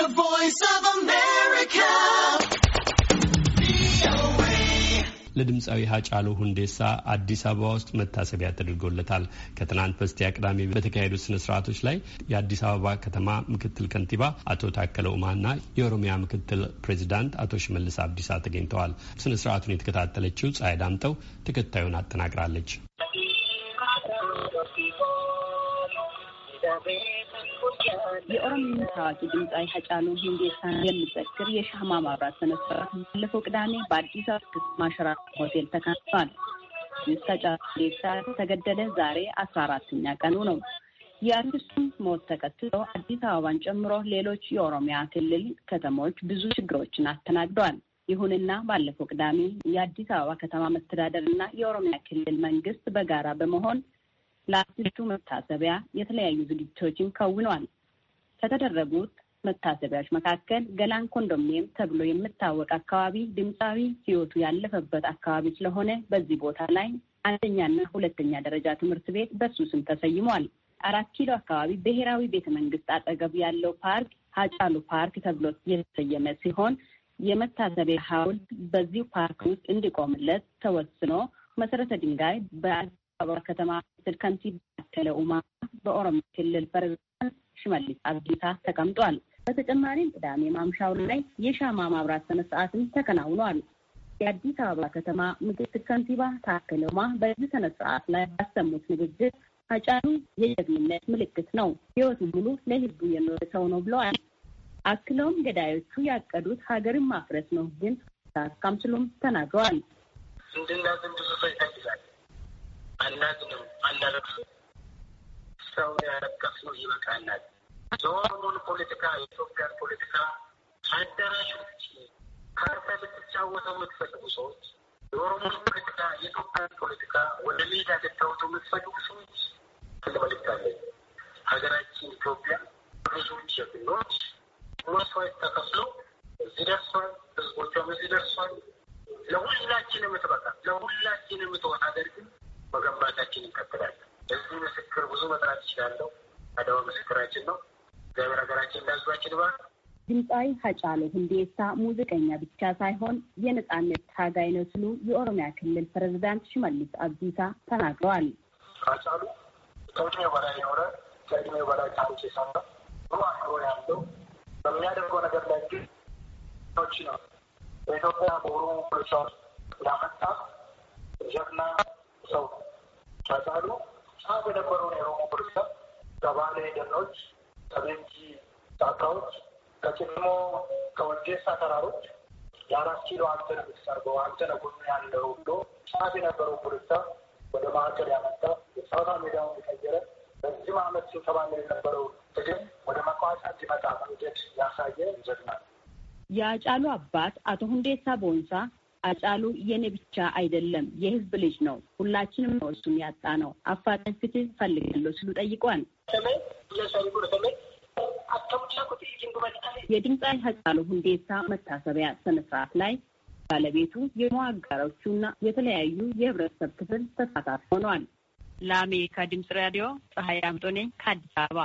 The Voice of America. ለድምፃዊ ሀጫሉ ሁንዴሳ አዲስ አበባ ውስጥ መታሰቢያ ተደርጎለታል። ከትናንት በስቲያ ቅዳሜ በተካሄዱ ስነ ስርዓቶች ላይ የአዲስ አበባ ከተማ ምክትል ከንቲባ አቶ ታከለ ኡማና የኦሮሚያ ምክትል ፕሬዚዳንት አቶ ሽመልስ አብዲሳ ተገኝተዋል። ስነ ስርዓቱን የተከታተለችው ፀሐይ ዳምጠው ተከታዩን አጠናቅራለች። የኦሮሚያ ታዋቂ ድምፃዊ ሀጫሉ ሁንዴሳን የሚዘክር የሻማ ማብራት ስነ ባለፈው ቅዳሜ በአዲስ አበባ ማሸራተን ሆቴል ተካሂዷል። ይህ ሀጫሉ ሁንዴሳ ተገደለ ዛሬ አስራ አራተኛ ቀኑ ነው። የአርቲስቱን ሞት ተከትሎ አዲስ አበባን ጨምሮ ሌሎች የኦሮሚያ ክልል ከተሞች ብዙ ችግሮችን አስተናግደዋል። ይሁንና ባለፈው ቅዳሜ የአዲስ አበባ ከተማ መስተዳደር እና የኦሮሚያ ክልል መንግስት በጋራ በመሆን ለአርቲስቱ መታሰቢያ የተለያዩ ዝግጅቶችን ከውኗል። ከተደረጉት መታሰቢያዎች መካከል ገላን ኮንዶሚኒየም ተብሎ የምታወቅ አካባቢ ድምፃዊ ሕይወቱ ያለፈበት አካባቢ ስለሆነ በዚህ ቦታ ላይ አንደኛና ሁለተኛ ደረጃ ትምህርት ቤት በሱ ስም ተሰይሟል። አራት ኪሎ አካባቢ ብሔራዊ ቤተ መንግስት አጠገብ ያለው ፓርክ ሀጫሉ ፓርክ ተብሎ የተሰየመ ሲሆን የመታሰቢያ ሐውልት በዚሁ ፓርክ ውስጥ እንዲቆምለት ተወስኖ መሰረተ ድንጋይ በአዲስ አበባ ከተማ ምክትል ከንቲባ ታከለ ኡማ፣ በኦሮሞ ክልል ፕሬዝዳንት ሽመልስ አብዲሳ ተቀምጧል። በተጨማሪም ቅዳሜ ማምሻውን ላይ የሻማ ማብራት ስነስርዓትም ተከናውኗል። የአዲስ አበባ ከተማ ምክትል ከንቲባ ታከለ ኡማ በዚህ ስርዓት ላይ ባሰሙት ንግግር አጫሉ የጀግንነት ምልክት ነው፣ ህይወት ሙሉ ለህዝቡ የኖረ ሰው ነው ብለዋል። አክለውም ገዳዮቹ ያቀዱት ሀገርን ማፍረስ ነው፣ ግን ሳካም ስሉም ተናግረዋል። አናዝንም አናለቅስም። ሰው ያለቀስነው ይበቃናል። የኦሮሞን ፖለቲካ የኢትዮጵያን ፖለቲካ አዳራሽ ውጭ ካርታ ልትጫወተው የምትፈልጉ ሰዎች የኦሮሞን ፖለቲካ የኢትዮጵያን ፖለቲካ ወደ ሜዳ ልታወጡ የምትፈልጉ ሰዎች ትልመልክታለን። ሀገራችን ኢትዮጵያ ብዙ ጀግኖች መስዋዕት ተከፍሎ እዚህ ደርሷል። ህዝቦቿም እዚህ ደርሷል። ለሁላችን የምትበቃ ለሁላችን የምትሆን ሀገር ግን መገንባታችን ይቀጥላል። እዚህ ምስክር ብዙ መጥራት ይችላለሁ። አድዋ ምስክራችን ነው። እግዚአብሔር ሀገራችን እንዳዝባችን ባ ድምፃዊ ሀጫሉ ሁንዴሳ ሙዚቀኛ ብቻ ሳይሆን የነጻነት ታጋይ ነው ሲሉ የኦሮሚያ ክልል ፕሬዚዳንት ሽመልስ አብዲሳ ተናግረዋል። ሀጫሉ ከእድሜው በላይ የሆነ ከእድሜው በላይ ታሪክ የሰራ ጥሩ አእምሮ ያለው በሚያደርገው ነገር ላይ ግን ዎች ነው በኢትዮጵያ በኦሮሞ ፖለቲካ ላመጣ ጀግና ሰው ነው። ጫጫሉ ጫፍ የነበረውን የኦሮሞ ብርሰብ ከባሌ ደኖች፣ ከቤንጂ ጫካዎች፣ ከጭልሞ ከወልጌሳ ተራሮች የአራት ኪሎ አንተ ነው የምትሰርገው አንተ ነው ጎኑ ያለው ብሎ ጫፍ የነበረው ብርሰብ ወደ ማዕከል ያመጣ የጨዋታ ሜዳውን የቀየረ በዚህም አመት ሲንከባለ የነበረው ትግል ወደ መቋጫ እንዲመጣ መንገድ ያሳየ ጀግና የአጫሉ አባት አቶ ሁንዴሳ ቦንሳ አጫሉ የኔ ብቻ አይደለም፣ የህዝብ ልጅ ነው። ሁላችንም ነው እሱን ያጣ ነው። አፋጣኝ ፍትህ ፈልጋለሁ ሲሉ ጠይቋል። የድምፃዊ ሀጫሉ ሁንዴሳ መታሰቢያ ስነስርዓት ላይ ባለቤቱ፣ የሙያ እና የተለያዩ የህብረተሰብ ክፍል ተሳታፊ ሆኗል። ለአሜሪካ ድምፅ ራዲዮ ፀሐይ አምጦ ነኝ ከአዲስ አበባ።